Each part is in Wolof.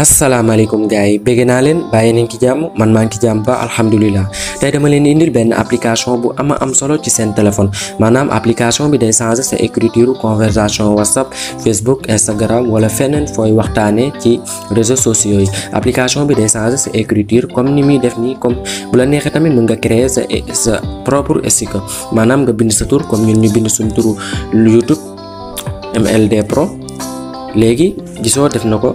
asalaamaaleykum gars yi bégg naa leen bàyyi nañ ki jàmm man maa ngi ci jàmm ba alhamdulilah tey dama leen indil benn application bu am am solo ci seen téléphone maanaam application bi day changer sa écriture conversation whatsapp facebook instagram wala feneen fooy waxtaanee ci réseaux sociaux yi application bi day change sa écriture comme ni muy def nii comme bu la neexee tamit mën nga créer sa sa propre sticker maanaam nga bind sa tur comme ñun ñu bind suñu turu YouTube MLD Pro léegi def na ko.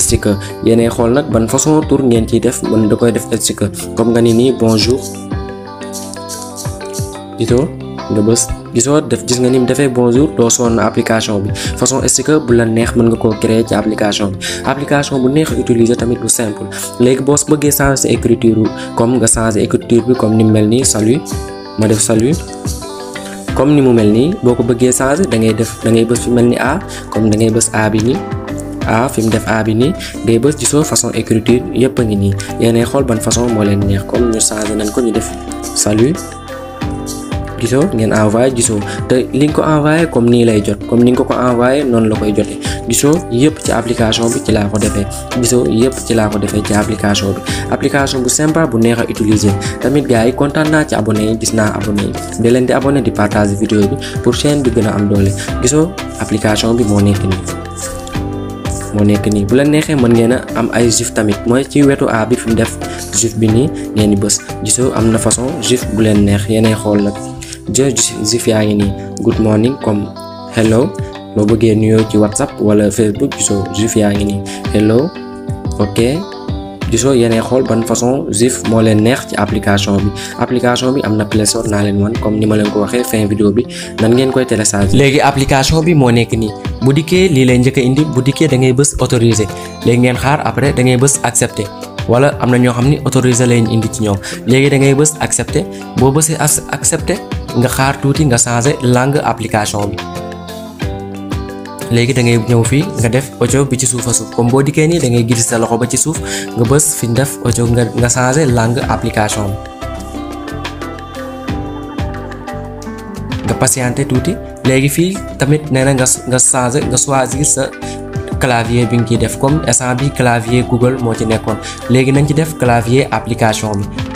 sticker yene xol nak ban façon tour ngeen ci def man da koy def sticker comme gani ni nii bonjour gisoo nga gis wa def gis nga ni mu bonjour do son application bi façon sticker bu la neex man nga ko créer ci application bi application bu neex utiliser tamit bu simple leg boss bëggee sans écriture comme nga sans écriture bi comme ni melni salut ma def salut comme ni mu melni boko boo sans da ngay def da ngay bëss fi ni A comme da ngay bëss A bi ni A fi mu def A bi nii ngay bës gisoo façon écriture yëpp a ngi nii yéenay xool ban façon moo leen neex comme ñu changé nañ ko ñu def salut gisoo ngeen envoyé gisoo te li nga ko envoyé comme nii lay jot comme ni nga ko ko envoyé noonu la koy jotee gisoo yëpp ci application bi ci laa ko defee gisoo yëpp ci laa ko defee ci application bi application bu sempa bu neex a utiliser tamit gars yi kontaan naa ci abonné yi gis naa abonné yi da leen di abonné di partage vidéo bi pour chaîne gën a am doole gisoo application bi moo nekk nii moo nekk nii bu la neexee mën ngeen a am ay gif tamit mooy ci wetu a bi fi mu def gif bi nii ngeen di bës gisoo am na façon gif bu leen neex yéenay xool nag jë gif yaa ngi nii good morning comme hello loo bëggee nuyoo ci whatsapp wala facebook gisoo gif yaa ngi nii hello ok gisoo yeneen xool ban façon GIF moo leen neex ci application bi application bi am na Play Store naa leen wan comme ni ma leen ko waxee fin vidéo bi nan ngeen koy télécharger. léegi application bi moo nekk nii bu dikkee lii lay njëkk a indi bu dikkee da ngay bës autoriser léegi ngeen xaar après da ngay bës accepter. wala am na ñoo xam ni autorisé lañ indi ci ñoom léegi da ngay bës accepté boo bësee accepté nga xaar tuuti nga changé langue application bi léegi da ngay ñëw fii nga def audio bi ci suuf a suuf comme boo dikkee nii da ngay gis sa loxo ba ci suuf nga bës fi ñu def audio nga nga changé langue application bi nga patienté tuuti léegi fii tamit nee na nga nga changé nga choisir sa clavier bi nga ciy def comme instant bi clavier Google moo ci nekkoon léegi nañ ci def clavier application bi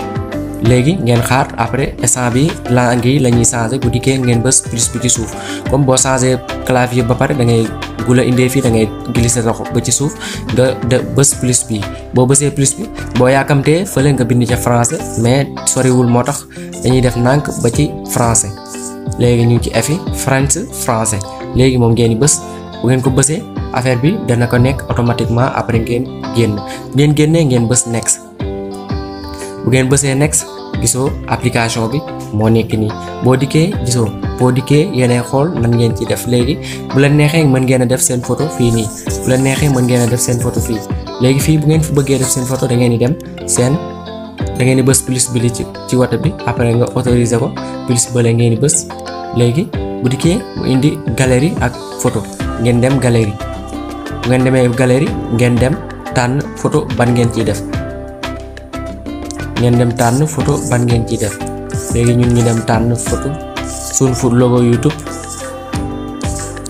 léegi ngeen xaar après instant bi langue yi la ñuy changé bu dikkee ngeen bës plus bi ci suuf comme boo changé clavier ba pare dangay ngay bu la indee fii da ngay glisser loxo ba ci suuf nga de bës plus bi boo bësee plus bi boo yaakamtee fële nga bind ca français mais soriwul moo tax dañuy def nànk ba ci français léegi ñu ngi ci fi France français léegi moom ngeen di bës bu ngeen ko bësee affaire bi dana ko nekk automatiquement après ngeen génn ngeen génnee ngeen bës next ugen बस next, gisoo application bi moo nekk nii boo dikkee giso boo dikkee yeneen xool nan ngeen ci def bulan bu la neexee ada ngeen def seen photo fii nii bu la neexee mën ngeen def seen photo fii léegi fii bu ngeen def seen photo da ngeen di dem seen da ngeen di bës plus bi ci ci wata bi après nga autoriser ko plus bële ngeen di ini léegi bu dikkee mu indi galerie ak photo ngeen dem galerie bu ngeen galeri, galerie ngeen dem tan photo ban ngeen ciy def ngeen dem tànn photo ban ngeen ci def léegi ñun ñu dem tànn photo suñu fu logo youtube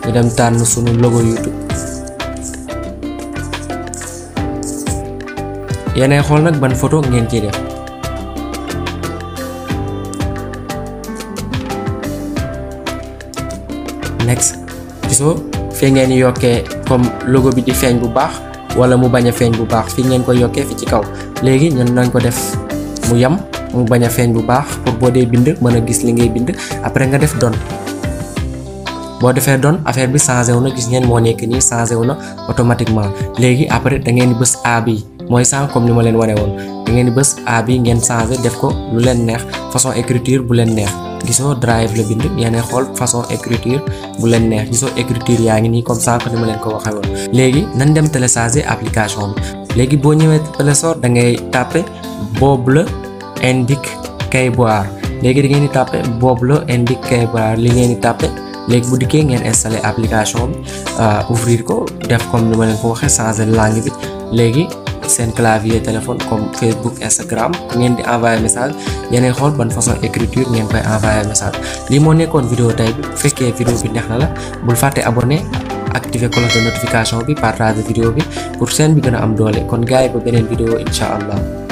ñu dem tànn suñu logo youtube yeneen xool nag ban photo ngeen ci def next gisoo fi ngeen yokkee comme logo bi di feeñ bu baax wala mu bañ a feeñ bu baax fi ngeen ko yokkee fi ci kaw léegi ñun nañ ko def mu yam mu baña feñ bu baax pour bo dé bind mëna gis li ngay bind après nga def don bo defee don affaire bi changé wona ini, gis ñen mo nekk ni changé wona abi, automatiquement légui après da ngeen bëss a bi moy sa comme ni ma leen waré won da ngeen bëss a bi ngeen changé def ko lu leen neex façon écriture bu leen neex drive le bind yaa xol façon écriture bu len neex gisoo écriture yaangi ni comme ça ni ma len ko waxe won legui nan dem télécharger application léegi bo ñëwee play store da ngay taper boobu indic indique kay boire léegi da ngay ni taper boobu indic indique kay boire li ngay ni taper léegi bu diké ngeen installer application bi uh, ouvrir ko def comme ni ma ko waxee changer langue bi léegi sen clavier téléphone comme Facebook Instagram ngeen di envoyer message yeneen xol ban façon écriture ngeen koy envoyer message li mo nekkoon vidéo tay bi bu vidéo bi neex na la bu faté abonné activer cloche de notification bi partage vidéo bi pour seen bi gën a am doole kon gars yi ba beneen vidéo incha allah